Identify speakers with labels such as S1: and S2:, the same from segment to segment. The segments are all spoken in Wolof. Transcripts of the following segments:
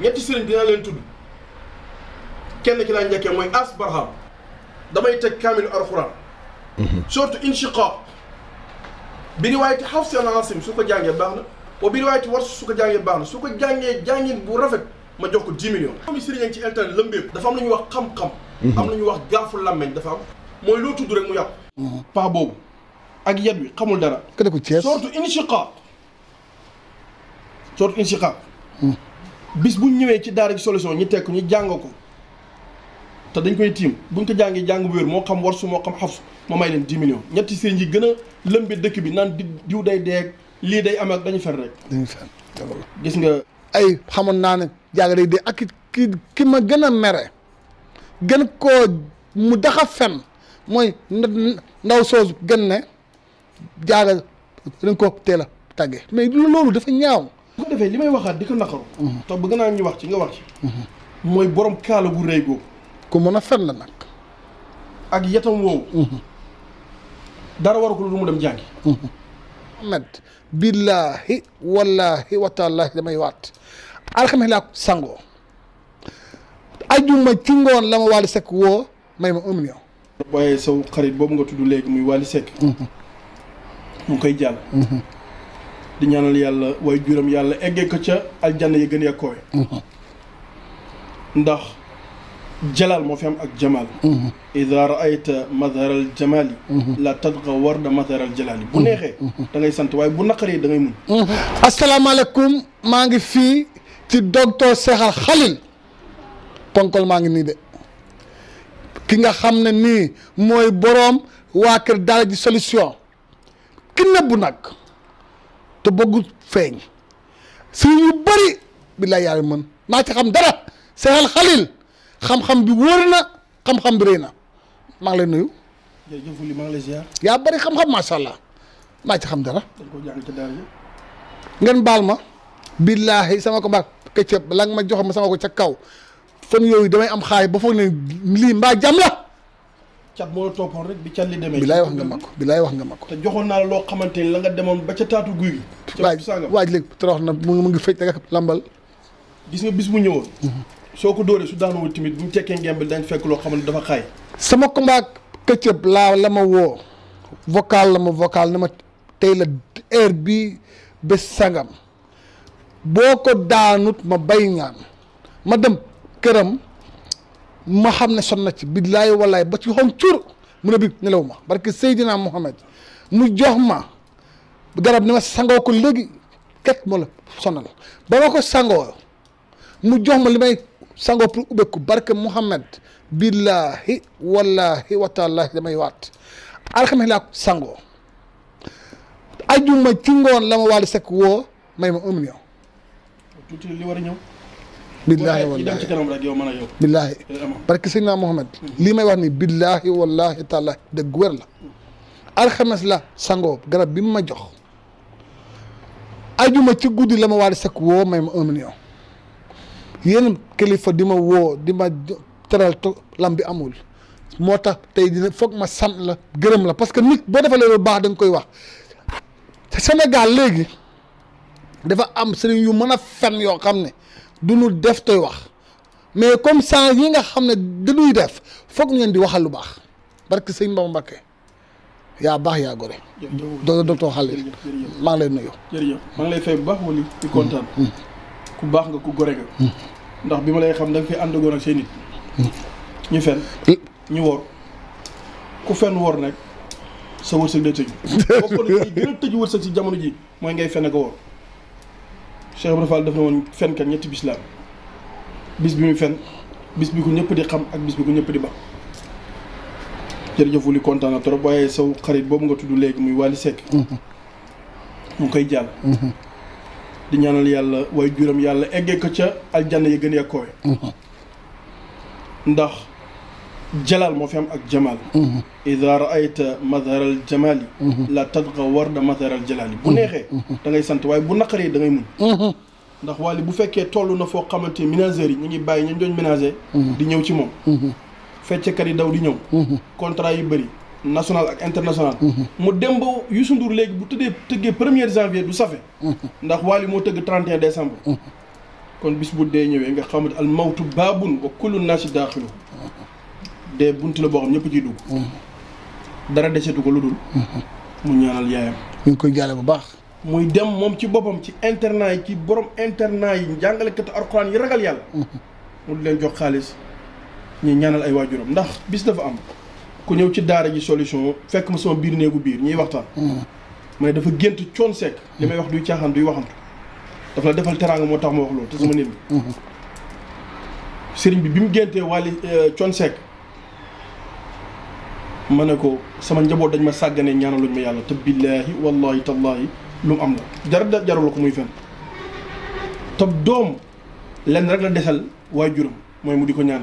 S1: ñetti sëriñ dinaa leen tudd kenn ki laa njëkkee mooy as barham damay teg kaamilu alxuraan mhm. surtout inshiqaq bi riwaayati Hafs an Asim su ko jàngee baax na wa bi riwaayati Warsh su ko jàngee baax na su ko jàngee jàngin bu rafet ma jox ko 10 millions moomi ci internet lëmbeeb dafa am lu ñuy wax xam-xam mhm. am lu ñuy wax gaafu làmmeñ dafa am mooy loo tudd rek mu yàqu paa boobu ak yet wi xamul dara surtout inshiqaq surtout inshiqaq mhm. bis bu ñëwee ci daara ji solution ñu teg ñu jàng ko te dañ koy tiim buñ ko jàngee jàng bu wér moo xam warsu moo xam xafsu ma may leen 10 millions ñetti sëriñ yi gën a lëmbe dëkk bi naan di diw day deeg lii day am ak dañu fen gis nga. ay xamoon naa ne
S2: jàng day dee ak ki ki ma gën a mere gën koo mu daxa fen mooy ndaw soosu gën ne jaaga
S1: dañ ko teel a tàggee mais loolu dafa ñaaw. bu ko defee li may waxaat di ko naqaru. Mhm. to bëgg naa ñu wax ci nga wax ci. Mhm. mooy borom kaala gu rëy googu. ku mën a fen la nag. ak yetam woowu. Mhm. dara waru ko lu mu dem jàngi.
S2: Ahmed billaahi wallaahi wataalaahi damay waat alxames laa
S1: sangoo ajuma ci ngoon la ma Wally Seck woo may ma un million. waaye saw xarit boobu nga tudd léegi muy Wally Seck. mu koy jàll. di ñaanal yàlla way juróom yàlla eggee ko ca aljanna yi gën ya kooy mhm. ndax jalaal moo fi am ak jamaal mhm. ida raayta madharal jamaali mhm. la tadqa warda madharal jalaali bu neexee da sant waaye bu naqaree dangay ngay mun asalaamaaleykum maa ngi fii ci docteur
S2: Cheikh Khalil ponkol maa ngi nii de ki nga xam ne nii mooy boroom waa kër daara ji solution ki nëbbu nag te bëggul feeñ sëriñ yu bëri billaay yaa mën maa ci xam dara seexal xalil xam-xam bi wóor na xam-xam bi rëy na maa ngi lay nuyu.
S1: jërëjëf li maa ngi lay ziar.
S2: yaa bëri xam-xam macha allah naa ci xam dara. ngeen baal ma. billaahi sama ko mbaak këccëb la nga ma jox ma sama ko ca kaw fan yooyu damay am xaay ba foog ne lii mbaa jàmm la.
S1: cat moo la toppoon rek bi cat li demee. bilaay wax nga ma ko bilaay wax nga ma ko. te joxoon naa la loo xamante ni la nga demoon ba ca taatu guy gi. ca sangam waaj waaj léegi torox na mu ngi fekk ak lambal. gis nga bis mu ñëwoon. Mhm. soo ko dóoree su daanoo tamit bu mu tekkee ngemb dañ fekk loo xam ne dafa xaay. sama combat këccëb laa la ma woo vocal la ma vocal na ma tey la
S2: heure bii bés sangam boo ko daanut ma bay ñaan ma dem këram. ma xam ne sonn na ci billaay wallaay ba ci xom cuur mu ne bi nelaw ma barke Seydina Mohamed mu jox ma garab ni ma sangoo ko léegi ket moo la sonal ba ma ko sangoo mu jox ma li may sangoo pour ubbeeku barke Mohamed billahi wallahi wataalaahi damay waat alxames laa sangoo ajuma ci ngoon la ma waali sekk woo may ma un
S1: Eh, mm-hmm. billaahi wallaahi billaahi
S2: parce que sëñ naa may wax ni billaahi wallaahi taala dëgg wér la mm-hmm. alxames la sangoo garab bi ma jox ajuma ci guddi la ma waari sakk woo may ma un million yéen kilifa di ma woo di ma teral to lam bi amul moo tax tey dina foog ma sant la gërëm la parce que nit boo defalee lu baax da koy wax Sénégal léegi dafa am sëriñ yu mën a fen yoo xam ne du nu def tey wax mais comme sang yi nga xam ne dañuy def foog ngeen di waxal lu baax que sëñ Bamba Mbakke yaa baax yaa gore. jërëjëf doole docteur Khalil
S1: maa ngi lay nuyu. jërëjëf maa ngi lay fay bu baax wala di mm. kontaan. Mm. ku baax nga ku gore nga. Mm. ndax bi ma lay xam da nga fi àndagoon ak say nit. ñu fen ñi wor ku fen woor nag sa wërsëg day tëju. bokk ci jamono ji mooy ngay fen ak a Cheikh Ibrahima Fall def na woon fenkat ñetti bis bis bi muy fen bis bi ko ñëpp di xam ak bis bi ko ñëpp di ba jërëjëf wuli kontaan na trop waaye saw xarit boobu nga tudd léegi muy Wally Seck mhm. mu koy jàll mhm. di ñaanal yàlla waaye juram yàlla eggee ko ca aljanna yi gën a mhm. ndax jalaal moo fi am ak jamaal mhm. ida raayta madharal jamaali mhm. la war warda madharal jalaali bu mhm. neexee da ngay sant waaye bu naqaree dangay ngay ndax Wally bu fekkee tollu na foo xamante ménagères yi ñu ngi bàyyi ñañ doon ménager di ñëw ci moom feccekat yi daw di ñëw contrat yu bëri national ak international mu dem ba Youssou Ndour léegi bu tëddee tëggee première janvier du safe ndax Wally moo tëgg 31 décembre kon bis bu dee ñëwee nga xamante al mawtu baabun wa kullu naasi daaxilu de bunt la boo xam ñëpp ciy dugg. Mm. dara desetu ko lu dul. Mm-hmm. mu ñaanal yaayam. ñu ngi koy jaale bu baax. muy dem moom ci boppam ci internat yi ci borom internat yi jàngalekatu alxuraan yi ragal yàlla. Mm-hmm. mu di leen jox xaalis ñu ñaanal ay waajuram ndax bis dafa am ku ñëw ci daara ji solution fekk ma sama biir néegu biir ñuy waxtaan. Mm-hmm. ma ne dafa gént coon sekk li may wax duy caaxaan duy waxantu dafa la defal teraanga moo tax ma wax loolu te ma nit bi bi bi mu géntee wàlli euh, coon sekk ma ne ko sama njaboot dañ ma sàggane ñaanaluñ ma yàlla te billaahi wallaahi tallaahi lu mu am la jar jarul ko muy fen te doom lenn rek la desal waaye juram mooy mu di ko ñaan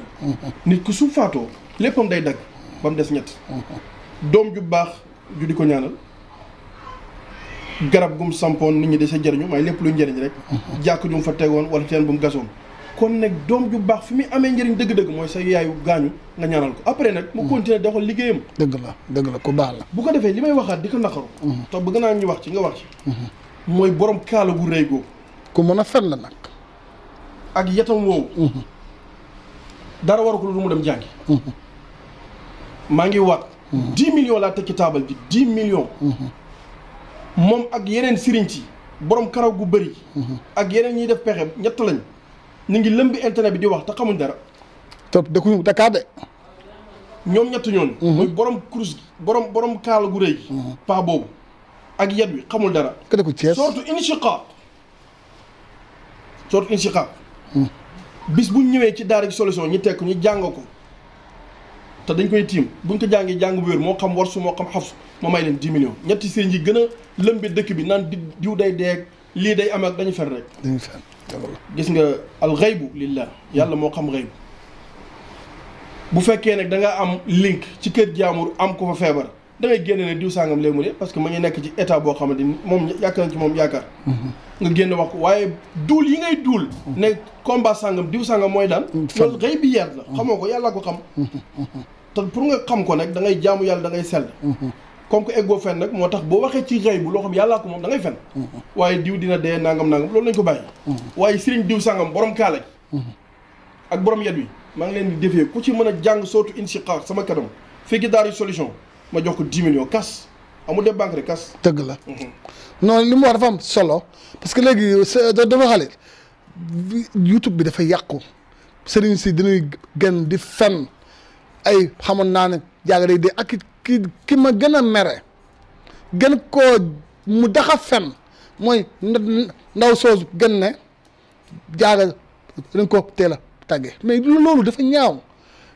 S1: nit ku su faatoo léppam day dagg ba mu des ñett doom ju baax ju di ko ñaanal garab mu sampoon nit ñi di sa jariñu may lépp lu njariñ rek jàkk ju mu fa tegoon wala teen bu mu gasoon kon nag doom ju baax fi muy amee njëriñ dëgg-dëgg mooy sa yaayu gaañu nga ñaanal ko après nag mu mm. continuer doxal liggéeyam dëgg la dëgg la ku baax la bu ko defee li may waxaat di ko naqaru mm-hmm. te bëgg naa wax ci nga wax mm-hmm. mooy borom kaala gu rëy googu ku mën a fen la nag ak yetam woowu mm-hmm. dara waru ko lu mu dem jàngi maa ngi waat dix millions laa tekki taabal bi dix millions moom ak yeneen sëriñ ci borom karaw gu bëri ak yeneen ñuy def pexe ñett lañ ñu ngi lëmbi internet bi di wax te xamuñ dara. te dëkkuñu Dakar de. ñoom ñett ñoon muy mhm. borom kurus gi borom borom kaala gu rëy. Mhm. paa boobu ak yet wi xamul dara. ka dëkku Thiès sortu inshiqaq sortu inshiqaq mhm. bis bu ñëwee ci daara ji solution ñu teg ñu jàng ko te dañ koy tiim buñ ko jàngee jàng bu wér moo xam warsu moo xam xafsu ma may leen 10 millions ñetti sëriñ yi gën a lëmbi dëkk bi naan di diw day deeg. lii day am ak dañu fer rek. dañu gis nga al xaybu lillah yàlla moo xam xaybu bu fekkee nag da nga am link ci kër jaamur am ko fa feebar da ngay génne ne diw sangam léegi mu de parce que ma ngi nekk ci état boo xamante ni moom yaakaar ci moom yaakaar. Mhm. nga génn wax ko waaye duul yi ngay duul. Mhm. ne combat sangam diw mooy daan. loolu xëy bi yeer la. Mhm. xamoo ko yàlla ko xam. te pour nga xam ko nag dangay ngay jaamu yàlla da ngay sell. comme que eggoo fen nag moo tax boo waxee ci xëy bu loo xam yàllaa ko moom da fen mm-hmm. waaye diw dina dee nangam nangam loolu lañ ko bàyyi mm-hmm. waaye sëriñ diw sangam borom kaalaj mm-hmm. ak boroom yet wi maa ngi leen di defee ku ci mën a jàng sootu insiqaaq sama kanam daal daari solution ma jox ko 10 millions kas amul de banque rek kas dëgg la
S2: noonu li mu wax dafa am solo parce que léegi dafa xale YouTube bi dafa yàqu sëriñ si dañuy gën di fen ay xamoon naa ne jàng day ki ki ma gën a mere gën koo mu daxa fen mooy ndaw soosu gën ne jaaga dañ ko teel a tàgge mais loolu dafa ñaaw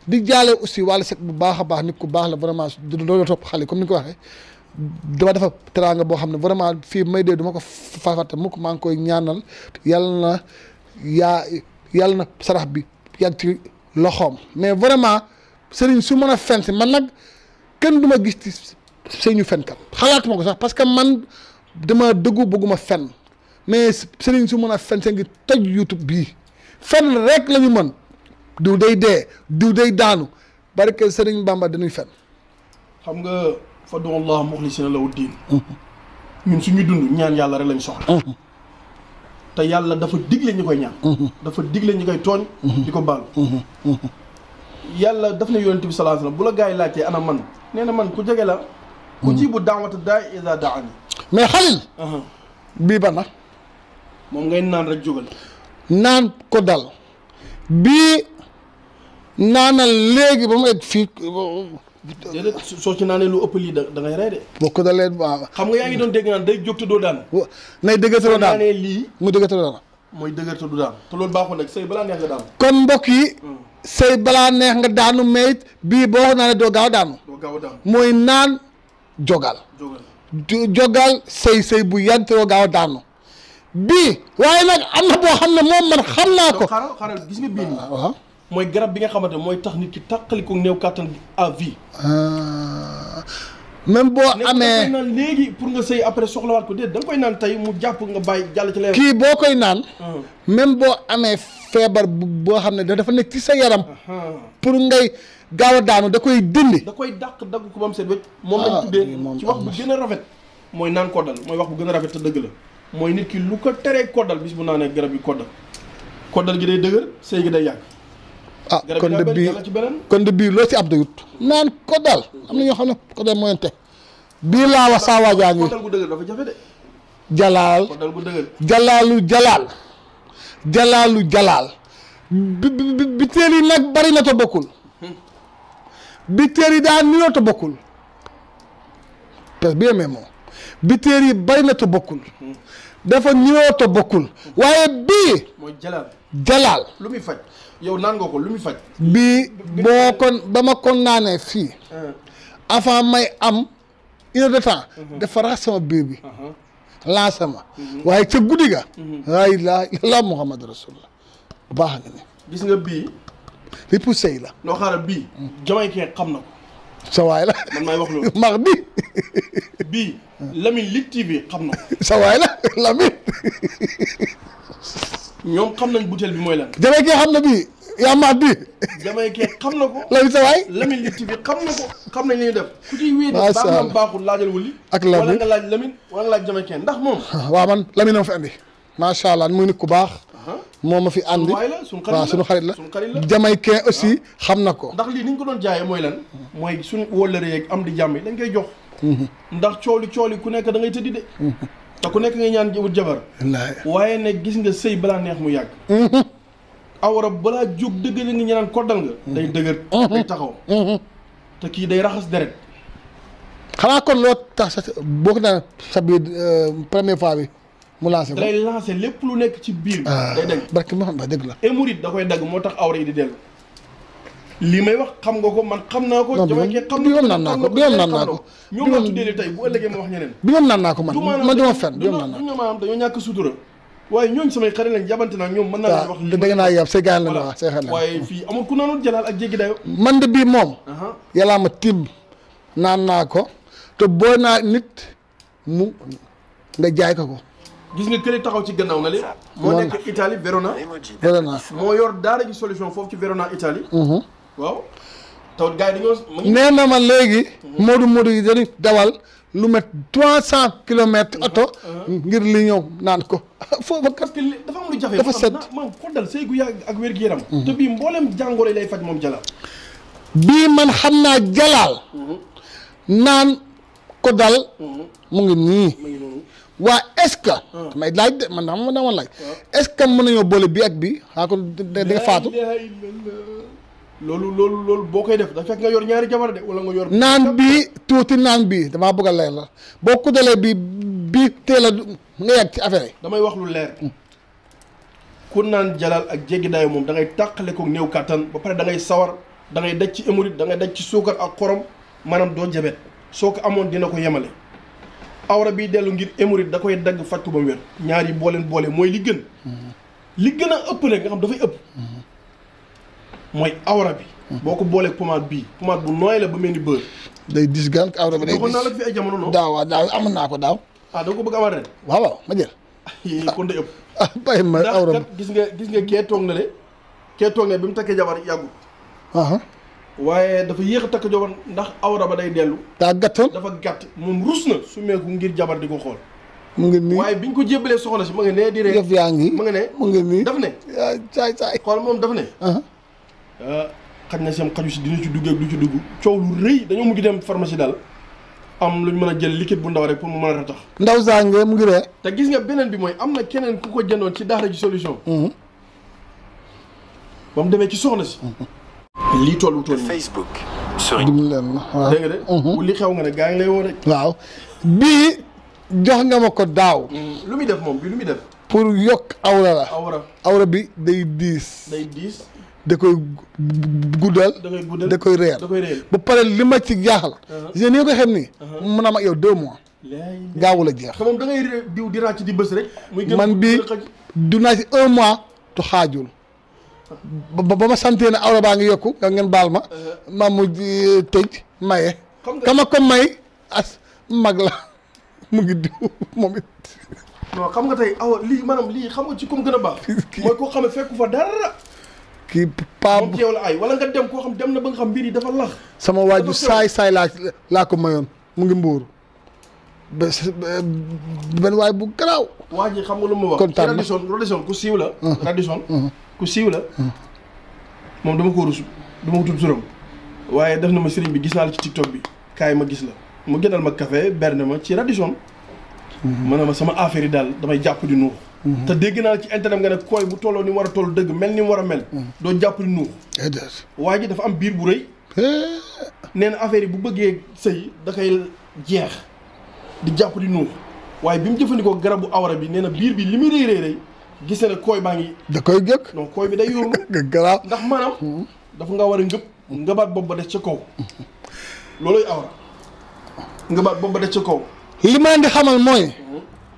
S2: di jaale aussi wàllu set bu baax a baax nit ku baax la vraiment loolu topp xale ni ko waxee dama dafa teraanga boo xam ne vraiment fii may dee du ko fafate mukk maa ngi koy ñaanal yàlla na yaa yàlla na sarax bi yàgg ci loxoom mais vraiment sëriñ su mën a fensi man nag kenn du ma gis ci fenkam fenkat xalaatuma ko sax parce que man dama dëggu bëgguma fenn mais sëriñ su mën a fen seen ngi toj youtube bii fen rek la ñu mën diw day dee diw day daanu barke sëriñ Bamba dañuy fen
S1: xam nga fadu allah muxlisina lahu diin mhm. ñun suñu dund ñaan yàlla rek lañu soxla mhm. te yàlla dafa digle ñu koy ñaan mhm. dafa digle ñu koy tooñ di ko baal yàlla daf ne yonent bi sallallahu alayhi bu la gaa yi laajtee ana man nee na man ku jege la. ku jibu daawata daa iza mais xalil. bii ba nag. moom ngay naan rek jógal. naan ko dal bii naanal léegi ba mu egg fii. déedéet soo ci naanee lu ëpp lii da da ngay rey de. boo ko dalee xam nga yaa ngi doon dégg naan day jóg te doo daan. nay dëggatoo daan du daan. te loolu baaxul nag sëy balaa neex nga daan.
S2: kon mbokk yi. Hmm. sëy balaa neex nga daanu mayit bii boo naa ne doo gaaw daanu mooy naan jogal jogal sëy sëy bu
S1: yant te doo gaaw daanu bii waaye nag am na boo xam ne moom man xam naa ko mooy garab bi nga xamante mooy tax nit ki tàqali ko néew kàttan à vie ah. même boo amee léegi pour nga sëy après soxlawaat ko déet da koy naan tey mu jàpp nga bàyyi jàll ci leer. kii boo koy naan. même boo amee feebar boo xam ne dafa nekk ci yaram. pour ngay gaaw a daanu da koy dindi. da koy dàq dagg ko ba mu set wécc. moom lañ ah, tuddee ci wax bu gën a rafet. mooy naan koddal mooy wax bu gën a rafet te dëgg la mooy nit ki lu ko teree koddal bis bu naanee garab yi koddal koddal gi day dëgër sëy gi day yàgg. ah kon de bii kon de bii loo ci ab doyut naan ko
S2: daal am na ñoo xam ne ko daal mooy te bii laa wax saa waajaa ngi jalaal jalaalu jalaal jalaalu jalaal bi yi nag bari na te bokkul bi téer yi daa nuyoo bokkul parce que bien moom bi yi bari na te bokkul dafa ñëwoo bokkul waaye bii. jalaal
S1: lu muy faj yow naan nga ko lu muy faj.
S2: bii boo kon ba ma kon naanee fii. Ah. avant may am une heure de mhm. sama biir bi. lancé ma. Mhm. waaye ca guddi ga. Mhm. laa Muhammad rasulullah baax na
S1: ni. gis nga bii. ripu sey la. noo xaaral bii. jamaïcain xam na ko. sa waay la man maay wax loolu bi bii Lamine Lutte TV xam na sa waay la Lamine ñoom xam nañ butéel bi mooy lan jamay kee xam na bi yaa mar bi jamay kee xam na ko Lamine sa waay Lamine Lutte TV xam na ko xam nañ ñuy def ku baax na baaxul laajal wuli ak Lamine wala nga laaj Lamine wala laaj jamay kee ndax
S2: moom waaw man Lamine am fi andi macha allah muy nit ku baax Uh-huh. moom ma fi ànd àndi waaw suñu xarit la jamaïcain
S1: ah. aussi xam na ko ndax lii ni ñu ko doon jaayee mooy lan mooy suñu wóllëre yeeg am di jàmm yi dañ koy jox mm-hmm. ndax cooli cooli ku nekk da ngay tëddi de mm-hmm. te ku nekk ngay ñaan wut jabar waaye ne gis nga sëy balaa neex mu yàgg mm-hmm. awara balaa jóg dëgg la ngi ñenaan naan koddal nga day dëgër day taxaw te kii day raxas deret xanaa kon loo tax sa boo ko naan sa biir euh, première
S2: fois bi mu lancé
S1: ko lépp lu nekk ci biir. Ah. day dagg barke Muhammad dëgg la. émouride koy dagg moo tax awra lii may wax xam nga ko man xam naa ko. jafe xam bi moom naan naa ko bi moom naan naa ko. ñoom laa tuddee wax ñeneen. bi moom naan naa ko man man dama fen bi moom waaye ñooñu samay xarit lañ jabante naa ñoom mën naa leen ah, wax. dëgg naa yow say gaan la ñu wax say xarit waaye fii amul ku naanul jalaal ak jéggi dayo man de bii moom. yàllaa ma tibb
S2: naan naa ko te boo naa nit mu nga jaay ko ko
S1: gis nga kële taxaw ci gannaaw na le moo nekk moo yor daara ji solution foofu ci Verona Italie mhm. waaw taw gars yi dañoo nee na ma léegi
S2: mhm. Modou Modou dawal lu met trois cent kilomètres mhm. oto
S1: ngir li ñëw naan ko foofu parce que dafa dafa set maam koddal ak wér yaram te bii jàngoro lay faj moom jalaal bii man xam naa jalaal naan ko dal mu ngi nii waa
S2: est-ce que. Ah. damay laaj de man xam nga dama laaj. Ah. est-ce que mën nañoo boole bi ak bi xaa ko da nga faatu.
S1: loolu loolu boo koy def da nga yor ñaari jabar de wala nga yor. naan
S2: bii tuuti naan bii damaa bëgg a leer la boo ko dalee bii bii teel a
S1: nga yàgg ci affaire yi. damay wax lu leer. Hmm. ku naan jalal ak jéggi daay moom da ngay tàqale ko néew kàttan ba pare dangay ngay sawar da ngay daj ci émorite da ngay daj ci suukar ak xorom maanaam doo jabet soo ko amoon dina ko yemale. awra biy dellu ngir hémorroïde da koy dagg faj ba mu wér ñaar yi booleen boole mooy li gën li gën a ëpp nag nga xam dafay ëpp mooy awra bi boo ko booleeg pommade bii pommade bu nooy la ba mel ni beurre day dis awra bi day dis naa la fi ay jamono noonu daaw waaw daaw amoon naa ko daaw ah da ko bëgg amaat waaw waaw ma kon day ëpp ah bàyyi awra bi gis nga gis nga kee toog na le kee toog na bi mu takkee jabar yàggul ah, ah. waaye dafa yéex a takk jabar ndax awra ba day dellu. daa gàttoon dafa gàtt moom rus na su meeku ngir jabar di ko xool. mu ngi nii waaye biñ ko jébalee soxna si ma nga nee di ree yëf yaa ngi mu nga ngi nii daf ne. saay saay xool moom daf ne. Ah, xaj na sam xaju si dina ci ci dugg coow lu rëy dañoo mujj dem pharmacie daal am luñ mën a jël liquide bu ndaw rek pour mu mën a tax. ndaw saa ngee mu ngi ree te gis nga beneen bi mooy am na keneen ku ko jëndoon ci daara ji solution. Uhuh. ba mu demee ci soxna si. Uhuh. lii toll wu toll Facebook. waaw mhm. li xew nga ne gaa ngi lay woo waaw bii jox nga ma ko daaw.
S2: Mhm. lu muy def moom bii lu pour yokk awra la. awra awra bi day diis. da koy guddal. da koy da koy reer. da koy reer ba pare li ma ci jaaxal. Uh-huh. yéen ni nga koy xam ni. Uh-huh. mën naa ma ak yow deux mois. gaawu jeex. da ngay diw di ràcc rek. muy gën man bii du naa ci un mois tu xaajul. ba ba ma santee ne awra baa ngi yokku nga ngeen baal ma uh-huh. ma mu uh, tëj maye kama ko may
S1: mag la mu ngi diw moom it non xam nga tey aw lii maanaam lii xam nga ci comme gën a baax mooy koo xam ne fekku fa dara kii paa moom yow ay wala nga dem koo xam dem na ba nga xam mbir yi dafa lax sama waaju saay saay laa laa ko mayoon mu ngi mbuur benn waay bu garaaw waa ji xam nga lu ma wax kontaan la uh-huh. Radisson uh-huh. ku siiw la. moom dama ko rus dama ko tudd waaye def na ma sëriñ bi gis naa la ci tiktok bi kaay ma gis la mu gënal ma café berne ma ci radisson. Mm-hmm. ma na ma sama affaire yi daal damay jàpp di nuux. Mm-hmm. te dégg naa ci internet nga ne koy bu tolloo ni war a toll dëgg mel ni war a mel. Mm-hmm. doo jàpp di nuux. waa ji dafa am biir bu rëy. Eh. neena na yi bu bëggee sëy da jeex di jàpp di nuux waaye bi mu jëfandikoo garabu awra bi nee na biir bi li muy rëy rëy rëy. gis na ne kooy ngi. da koy jëkk donc kooy bi day yóoru. garaaw ndax maanaam. dafa nga war a ngëb ngëbaat bopp ba def ca kaw. looluy awra. ngëbaat bopp ba def ca kaw. li ma leen xamal mooy.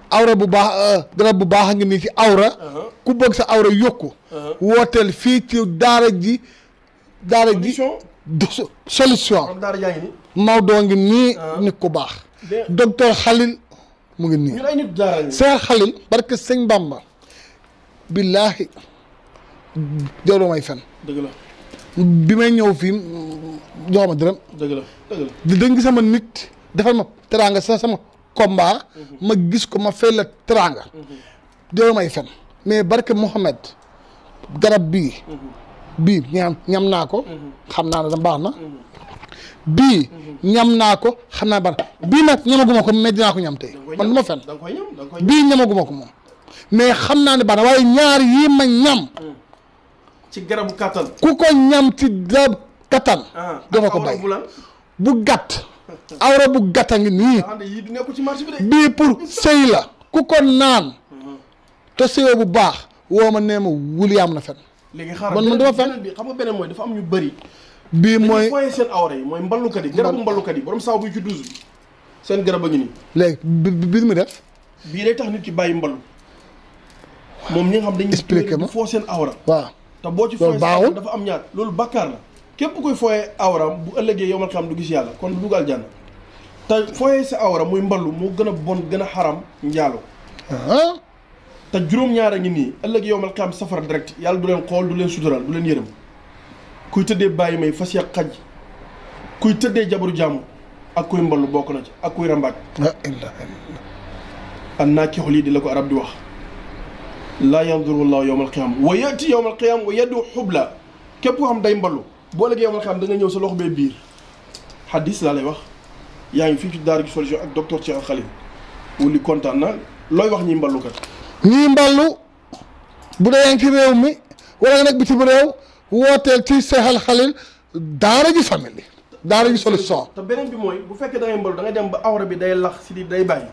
S1: awra
S2: bu baax euh, garab bu baax a ngi nii ci awra. Uh-huh. ku bëgg sa awra yokku. Uh-huh. wooteel fii ci daara ji. daara ji solution. daara jaa ngi nii. Maodo ngi uh-huh. nit ku baax. docteur Khalil mu ngi nii. ñun ay nit daara Khalil. barke sëñ Bamba. billaahi jarul may fen bi may ñëw fii jox ma dërëm. dëgg sama nit defal ma teraanga sa sama komba mhm. ma gis ko ma fay la teraanga. Mhm. jarul may fen mais barke Mouhamed garab bii. Mhm. bii ñam ñam naa ko. xam naa ne baax na. bii ñam naa ko xam naa baax na bii nag ñamaguma ko mais dinaa ko ñam tey man du fen bii ñamaguma ko moom. mais xam naa ne baax na waaye ñaar yii ma ñam. ci garabu kattan. ku ko ñam ci garab kattan. Ah, dafa ko bàyyi bu gàtt. awra bu gàtt a ngi nii. Ah,
S1: bii pour sëy
S2: la. ku ko
S1: naan. te sëyoo bu baax. woo ma nee ma William na fen. léegi xaaral man man dama fen bi xam nga beneen mooy am ñu bëri. bii mooy dañuy seen awra yi mooy mballukat yi garabu mballukat yi borom saw bi ci douze bi seen garab a ngi nii. léegi bi bi mu def. bii day tax nit ki bàyyi mballu. moom ni nga xam dañuy. expliqué ma foo seen awra. waaw te boo ci fooy dafa am ñaar loolu bàkkaar la képp koy fooyee awraam bu ëllëgee yomal xam du gis yàlla kon du dugal jànn te fooyee sa awra muy mballu moo gën a bon gën a xaram njaalo. Ah. te juróom-ñaar a ngi nii ëllëg yomal xam safara direct yàlla du leen xool du leen sutural du leen yërëm kuy tëddee bàyyi may fas ya xaj kuy tëddee jabaru jàmm ak kuy mballu bokk na ci ak kuy rambaaj. ah inna di la ko arab di wax. laa yanduru llaahu yawmal qiyaama wa yati yawmal qiyaama wa yadu xubla képp ko xam day mballu boo léegi yawmal qiyaama da nga ñëw sa loxo bee biir xadis laa lay wax yaa ngi fii ci daara gi solution ak docteur Cheikh Khalil wuli kontaan na looy wax ñiy mballu kat ñiy mballu bu dee yaa ngi ci réew mi wala nga nekk bitim réew wooteel ci Cheikh Khalil daara ji solution te beneen bi mooy bu fekkee da ngay dangay dem ba awra bi day lax si di day bàyyi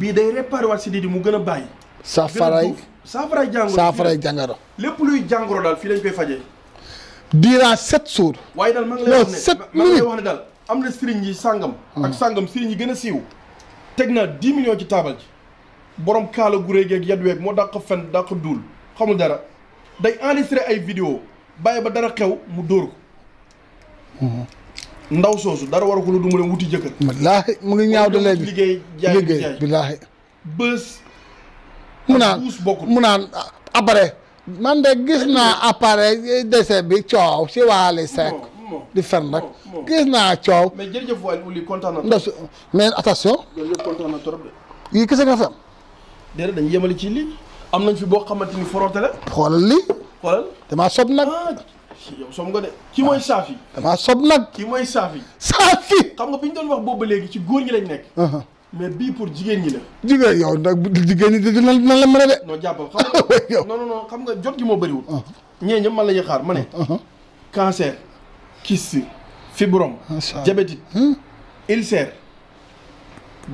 S1: bii day réparé waat si di mu gën a bàyyi safaray saafara jàngoro saafara jàngoro. lépp luy jàngoro daal fii lañ koy faje durant sept jours. waaye daal maa ngi lay wax ne daal am na sëriñ yi sàngam. Hmm. ak sàngam sëriñ yi gën a siiw. teg naa dix millions ci taabal ji borom kaala gu réy geeg yadu weeg moo dàq fen dàq duul xamul dara day enregistré ay vidéo bàyyi ba dara xew mu dóor ko. Hmm. ndaw soosu dara waru ko du mu leen wuti jëkkër. wallaahi mu ngi ñaaw de léegi liggéey jaay bi jaay bës.
S2: mu naan mu naan ah, après man de gis naa appareil décès bi coow si Waly Seck di fen rek gis naa coow. mais
S1: jërëjëf Waly Ouli kontaan na trop mais attention. jërëjëf kontaan na trop de. yii kese nga fi am. déedéet dañu yemale ci lii. am nañ fi boo xamante ni foroote la. xoolal lii. xoolal damaa sob nag. Ah, yow nga de ki mooy ah. saafi. damaa sob nag. ki mooy saafi. saafi. xam nga bi ñu doon wax boobu ba léegi ci góor ñi lañ nekk. Uh-huh. mais bii pour jigéen ñi la. jigéen yow nag jigéen ñi dina la man a de. non jàppal xam xam nga jot gi moo bëriwul. Ah. ñee ñëpp man la ñuy xaar ma ne. Ah, ah. cancer. kyste. fibrome. diabétique. Hmm? ulcère.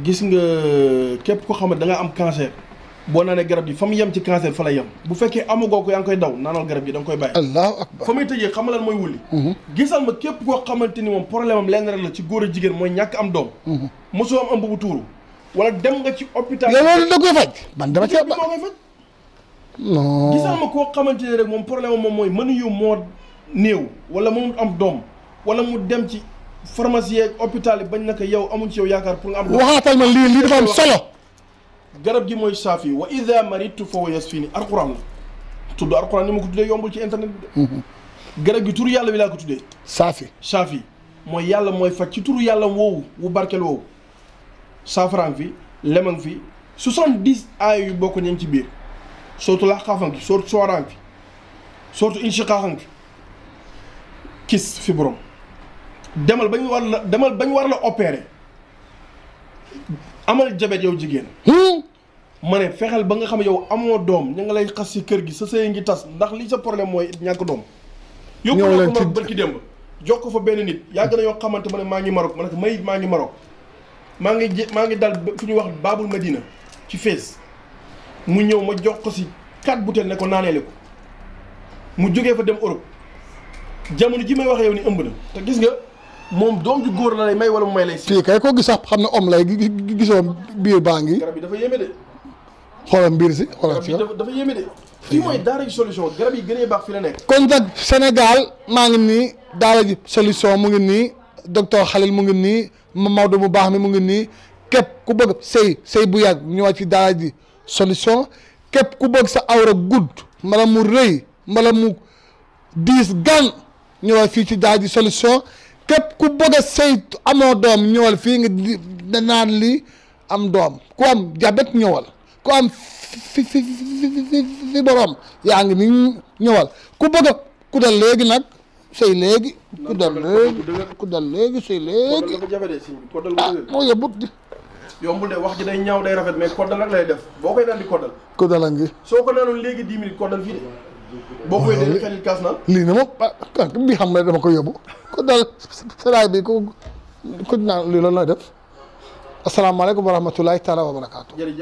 S1: gis nga képp ko xam ne da am cancer. boo naanee garab yi fa mu yem ci cancer fa lay yem bu fekkee amagoo ko yaa ngi koy daw naanal garab yi da nga koy bàyyi allahu akbar fa muy tëjee xamalan mooy wulli mhm. gisal ma képp koo xamante ni moom problème am lenn rek la mooy ñàkk am doom mhm. mosoo am am bu tuuru wala dem nga ci hôpital loolu da koy faj man dama ci
S2: moo
S1: koo xamante ni rek moom problème moom mooy mënuñu moo néew wala moom am doom wala mu dem ci pharmacie ak hôpital yi bañ na ko yow amuñ ci yow yaakaar pour nga am waxaatal ma lii lii dafa am solo garab gi mooy saafi wa ida maritu fa yasfini alquran la tudd alquran ni ma ko tuddee yombul ci internet bi de mhm. garab gi turu yàlla bi laa ko tuddee saafi saafi mooy yàlla mooy faj ci turu yàlla woowu wu barkeel woowu saafaraang fi lemang fi soixante-dix aaya yu bokk ñeen ci biir sootu la xaafan ki sootu sooraan ki sootu inshiqaaxan ki kis fi borom demal bañ war la demal bañ war la opérer amal jabet yow jigéen hmm? ma ne fexeel ba nga xam yow amoo doom ñu nga lay xas si kër gi sa sëy ngi tas ndax li sa problème mooy ñàkk doom yóbbu naa ko Maroc bërki démb jox ko fa benn nit yàgg na yoo xamante ma ne maa ngi Maroc ma ne maa ngi Maroc maa ngi j maa ngi dal fu ñuy wax Babul Madina ci fees mu ñëw ma jox ko si quatre bouteilles ne ko naaneele ko mu jógee fa dem Europe jamono ji may wax yow ni ëmb na te gis nga moom doom ju góor la lay may wala mu may lay. fii kay koo gis sax xam ne om lay gisoo biir baa ngi. garab dafa yéeme de. xoolal mbir si xoolal si dafa yéeme de fii mooy yi gën baax fi la nekk. kon nag
S2: Sénégal maa ngi nii daara solution mu ngi nii docteur Khalil mu ngi nii Maodo mu baax mi mu ngi nii képp ku bëgg sëy sëy bu yàgg ñëwaat ci daara ji solution képp ku bëgg sa awra gudd mbala mu rëy mbala mu diis gan ñëwaat fii ci daara ji solution képp ku bëgg a sëy amoo doom ñëwal fii nga naan li am doom ku am jabet ñëwal. ku am fi fi fi borom yaa ngi nii ñëwal ku bëgg ku dal léegi nag sëy
S1: léegi. ku dal léegi ku dal léegi sëy léegi. ah moo yóbbu. yombul wax ji day ñaaw day rafet mais ko rek lay def boo koy naan di koddal. koddal a ngi. léegi dix minutes koddal
S2: lii ne moom ah bi xam ne dama ko yóbbu koddal saraay bi ko ko naan lii loolu lay def asalaamaaleykum wa rahmatulahi taala wa barakaatu.